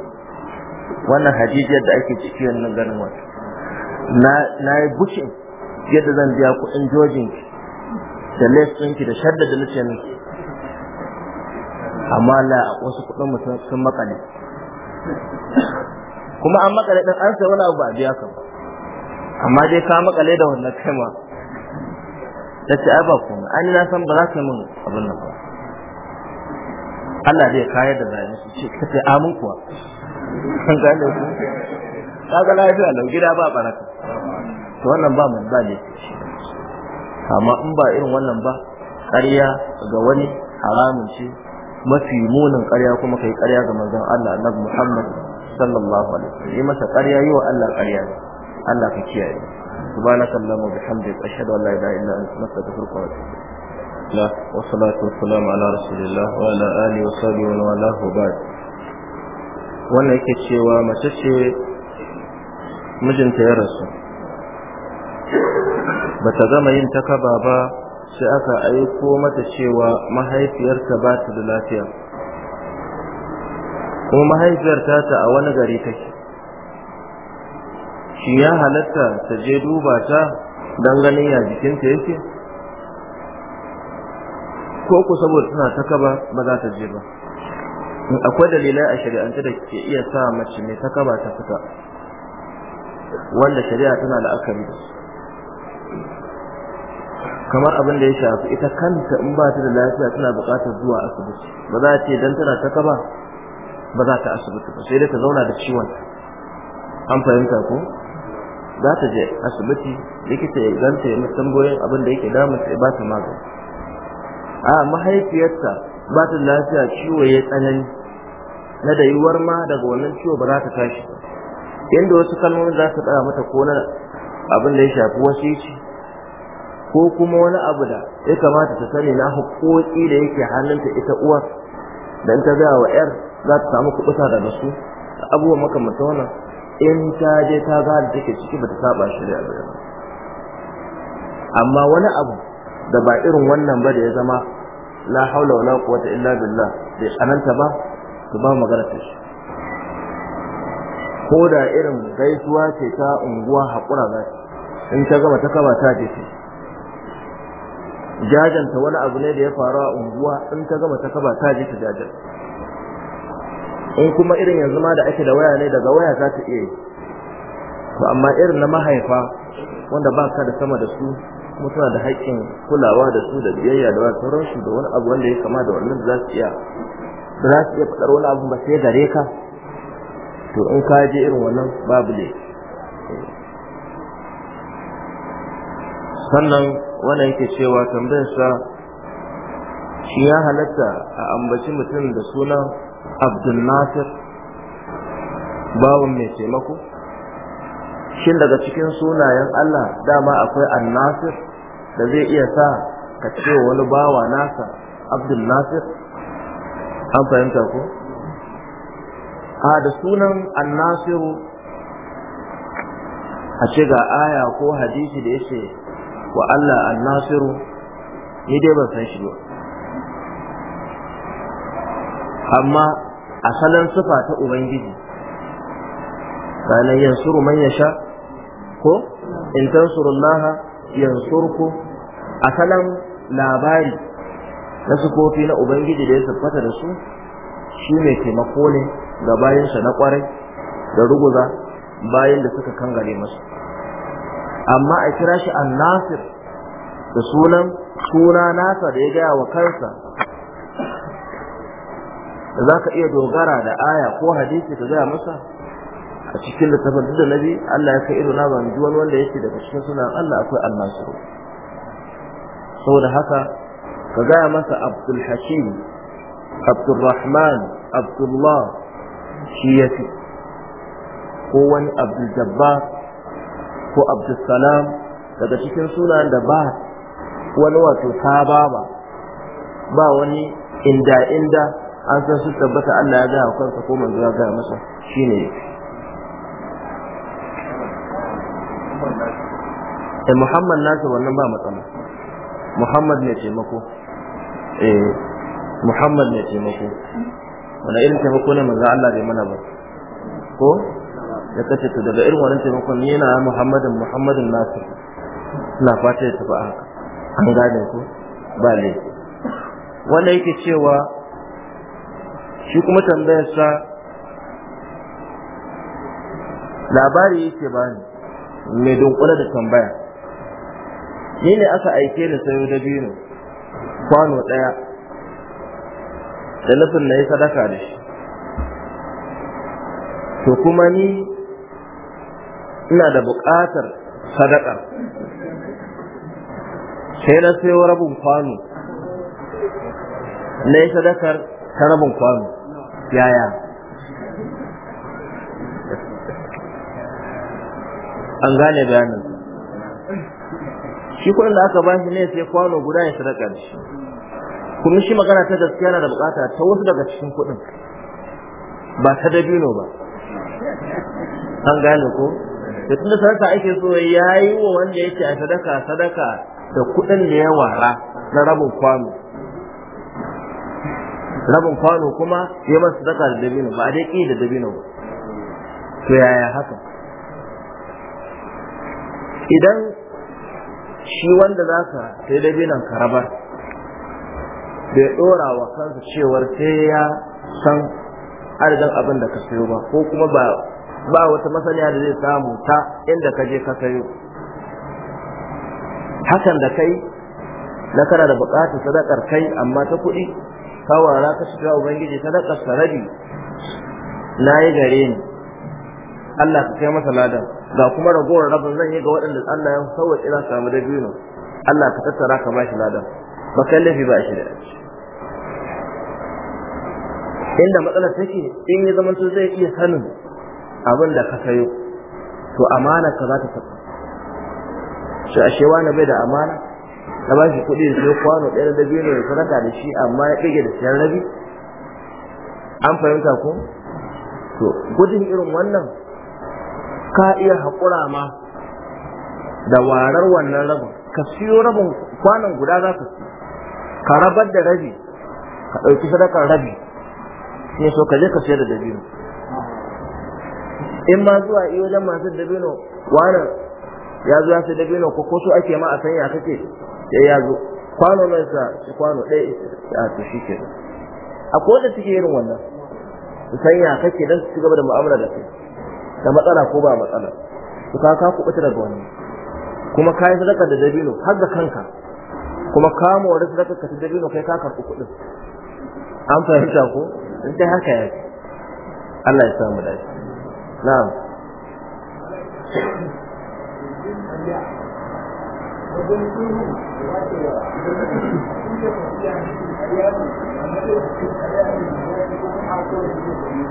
wannan hajijiyar da ake ciki wannan ganin wata na yi bukin yadda zan biya kuɗin jojinki. da laifinki da shadda da nace miki amma la wasu kudin mutum sun makale kuma an makale din an sai wani abu ba a biya ka amma dai ka makale da wannan kai ma ce ai ba kuma an yi nasan ba za ka yi min abin nan ba Allah zai kayar da zai su ce ce amin kuwa kan ga da ka ga lafiya lau gida ba baraka to wannan ba mai ba ne amma in ba irin wannan ba ƙarya ga wani haramun ce mafi munin ƙarya kuma kai ƙarya ga manzon Allah Annabi Muhammad sallallahu alaihi wasallam yi masa ƙarya yi wa Allah ƙarya Allah ka kiyaye subhanaka allahumma wa bihamdika ashhadu an la ilaha illa anta astaghfiruka wa atubu ilayk wassalatu wassalamu ala rasulillah wa ala alihi wa sahbihi wa ala ba'd wannan yake cewa mace ce mijinta ya rasu bata gama yin takaba ba sai aka aiko mata cewa mahaifiyarta ba ta da lafiya kuma mahaifiyar ta a wani gari take shi ya halatta ta je duba ta don ganin ya jikinta yake ko ku saboda tana takaba ba za ta je ba akwai dalilai a shari'anta da ke iya sa mace mai takaba ta fita wanda shari'a tana la'akari da su kamar abin da ya shafi ita kanta in ba ta da lafiya tana buƙatar zuwa asibiti ba za a ce dan tana ta kaba ba za ta asibiti ba sai dai ta zauna da ciwon an fahimta ko za ta je asibiti likita ya zanta ya goyon abin da yake damun sai ba ta magani a mahaifiyarta ba ta lafiya ciwo ya tsanani na da yiwuwar ma daga wannan ciwo ba za ta tashi ba yanda wasu kalmomin za su tsaya mata ko na abin da ya shafi wasici ko kuma wani abu da ya kamata ta sani na haƙoƙi da yake hannunta ita uwa dan ta gaya wa yar za ta samu kubuta daga su abubuwan makamata wannan in ta je ta ga da take ciki bata saba shari'a ba amma wani abu da ba irin wannan ba da ya zama la haula wala quwwata illa billah bai tsananta ba to ba magana ta shi ko da irin gaisuwa ce ta unguwa haƙura za in ta gama ta kaba ta je jajanta wani abu ne da ya faru a unguwa in ka gama ta kaba ta ji ta jajanta in kuma irin yanzu ma da ake da waya ne daga waya za ta iya to amma irin na mahaifa wanda ba ka da sama da su kuma suna da haƙƙin kulawa da su da biyayya da wani sauransu da wani abu wanda ya kama da wannan za su iya za su iya faɗar wani abu ba sai gare ka to in ka je irin wannan babu ne sannan wannan yake cewa tambayar sa shi ya halatta a ambaci mutum da sunan Abdul Nasir bawan mai taimako shin daga cikin sunayen Allah dama akwai an da zai iya sa ka ce wani bawa nasa Abdul Nasir an fahimta ko a da sunan Annasiru a ce ga aya ko hadisi da yake wa Allah Al nasiru ni dai ban san shi ba amma asalan sifa ta ubangiji kana yansuru man yasha ko in tansurullaha yansurku asalan labari na sufofi na ubangiji da ya siffata da su shi mai taimako ne ga bayansa na kwarai da ruguza bayan da suka kangare masu amma a kira shi annasir da sunan suna nasa da ya gaya wa kansa da za ka iya dogara da aya ko hadisi ka gaya masa a cikin littafin da nabi Allah ya kai ido na ban duwan wanda yake daga cikin sunan Allah akwai annasir saboda haka ka gaya masa abdul hakim abdul rahman abdullah shi yafi ko wani abdul jabbar ko abdussalam daga cikin sunayen da ba wani wato saba ba ba wani inda inda an san su tabbata Allah ya gaya kansa ko manzo ya gaya masa shine eh Muhammad nasu wannan ba matsala Muhammad ne taimako eh Muhammad ne taimako wannan irin taimako ne manzo Allah bai mana ba ko ya kace to daga irin wannan taimakon ni na Muhammadin Muhammadin Nasir ina fata ya tafi haka an gane ko ba ne wannan yake cewa shi kuma tambayar sa labari yake bani mai dunkula da tambaya ni ne aka aike ni sayo da biyu kwano daya da nufin na yi sadaka da shi to kuma ni ina da buƙatar sadaka sai na sayo rabin kwano na yi sadakar ta rabin kwano yaya an gane bayanin shi kuɗin da aka ba shi ne sai kwano guda ya sadaka da shi kuma shi magana ta gaskiya na da bukata ta wasu daga cikin kuɗin ba ta dabino ba an gane ko da tunda sadaka ake so ya yi wa wanda yake a sadaka sadaka da kuɗin da ya wara na rabin kwano rabin kwano kuma ya masa sadaka da dabino ba dai ki da dabino ba to yaya haka idan shi wanda za ka sai dabinon ka bai ɗora wa kansa cewar sai ya san adadin abin da ka sayo ba ko kuma ba ba wata masaniya da zai samu ta inda ka je ka sayo hakan da kai na kana da bukatar sadakar kai amma ta kuɗi kawara ka shiga ubangiji sadakar sarabi na yi gare ni Allah ka kai masa ladan ga kuma ragowar rabin zan yi ga waɗanda Allah ya sauwa ina samu da biyu Allah ka tattara ka ba shi ladan ba kai laifi ba shi da inda matsalar take in ya zama zai iya sanin abin da ka sayo to amana ka za ta tafi shi shewa na bai da amana ka ba shi kuɗi da sayo kwano ɗaya da dabino ne sanata da shi amma ya ɗage da siyan rabi an fahimta ko to gudun irin wannan ka iya haƙura ma da warar wannan rabin ka siyo rabin kwanan guda za ka siyo ka rabar da rabi ka ɗauki sadakar rabi ne so ka je ka siyar da dabino in ma zuwa iyo dan masu dabino wannan ya zo su dabino ko ko su ake ma a sanya kake sai ya zo kwano mai sa kwano dai ya to shi ke akwai wanda suke irin wannan su sanya kake dan su ci gaba da mu'amala da kai da matsala ko ba matsala Su ka ka ku bata daga wannan kuma kai sadaka da dabino har da kanka kuma ka mori sadaka ka dabino kai ka karɓi kuɗin an fahimta ko in dai haka ya Allah ya samu dace نعم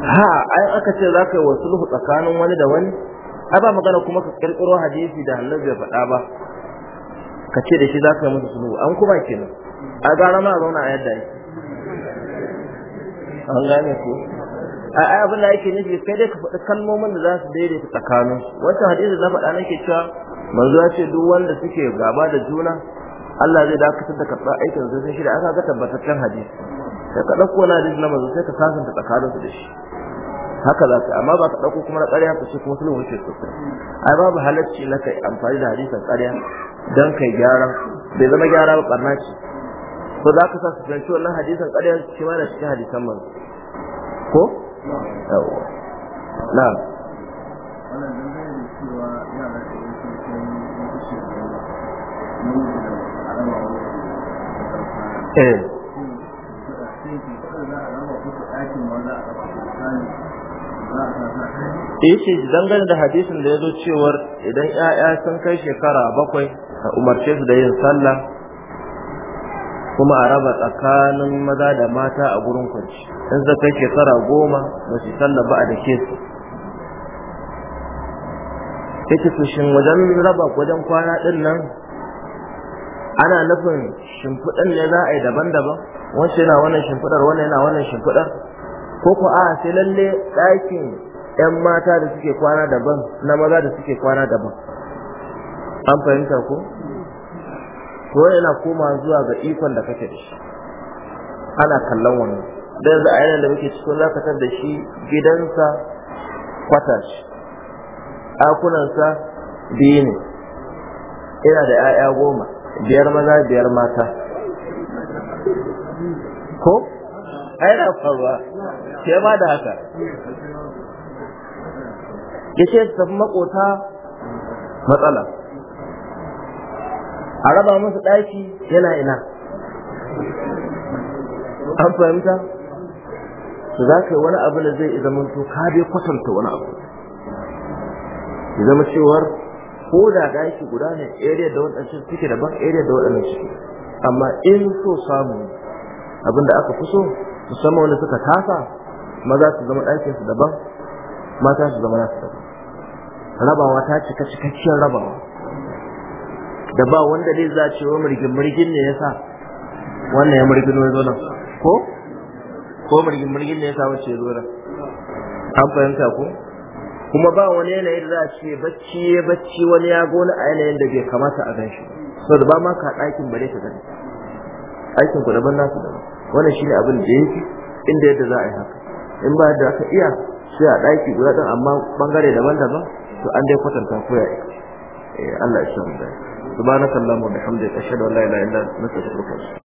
ha ai aka ce za yi wasu tsakanin wani da wani ai ba magana kuma ka kirkiro hadisi da annabi ya faɗa ba ka ce da shi yi sulhu an kuma a ai abin da yake nufi kai dai ka faɗi kalmomin da za su daidaita tsakanin wancan hadisi na faɗa nake cewa manzo ya ce duk wanda suke gaba da juna Allah zai dakatar da karɓar aikin su sun shirya aka ga tabbataccen hadisi sai ka ɗauko na hadisi na manzo sai ka sasanta tsakaninsu da shi haka za ka amma ba ka ɗauko kuma na ƙarya ka ce kuma sulhu wuce sosai ai babu halacci na kai amfani da hadisin ƙarya don kai gyara bai zama gyara ba ɓarna ce ko za ka sa su fahimci wannan hadisin ƙarya shi ma da cikin hadisan manzo ko yawa eh yace eh, dangane da hadisin da ya zo cewar idan 'ya'ya sun kai shekara bakwai a umarce su da yin sallah kuma a raba tsakanin maza da mata a gurin kwanci in za yi shekara goma ba su sallah ba a da ke su yake su shin wajen raba wajen kwana din nan ana nufin shimfiɗan ne za a yi daban-daban wancan yana wannan shimfiɗar wannan yana wannan shimfiɗar ko ku a sai lalle ɗakin 'yan mata da suke kwana daban na maza da suke kwana daban an fahimta ko ko yana koma zuwa ga ikon da kake da shi ana kallon wannan da yanzu a yanayin da muke cikin lakatar da shi gidansa kwatash, akunansa ɗakunansa biyu ne ina da 'ya'ya goma biyar maza biyar mata ko ai na faruwa ke ma da haka ya ce su tafi makota matsala a raba musu ɗaki yana ina an fahimta za ka wani abu da zai zama to ka dai kwatanta wani abu ya zama cewar ko da daki guda ne area da waɗancan suke ban area da waɗannan suke amma in so samu abin da aka fi so musamman wanda suka tasa maza su zama ɗakin su daban mata su zama nasu daban rabawa ta cika cikakkiyar rabawa da ba wanda zai zace wa murgin murgin ne yasa wannan ya murgin wani zo nan ko ko mirgin mirgin da ya samu ce zuwa an fahimta ko kuma ba wani yanayin da za a ce bacci ya bacci wani ya gona a yanayin da bai kamata a ganshi so da ba ma ka ɗakin bare ta gani aikin ku daban nasu daban wannan shine abin da ya yake inda yadda za a yi haka in ba da aka iya sai a ɗaki guda ɗin amma bangare daban-daban to an dai kwatanta ko ya eh, Allah ya shi mu da subhanakallahumma wa bihamdika ashhadu an la ilaha illa anta astaghfiruka wa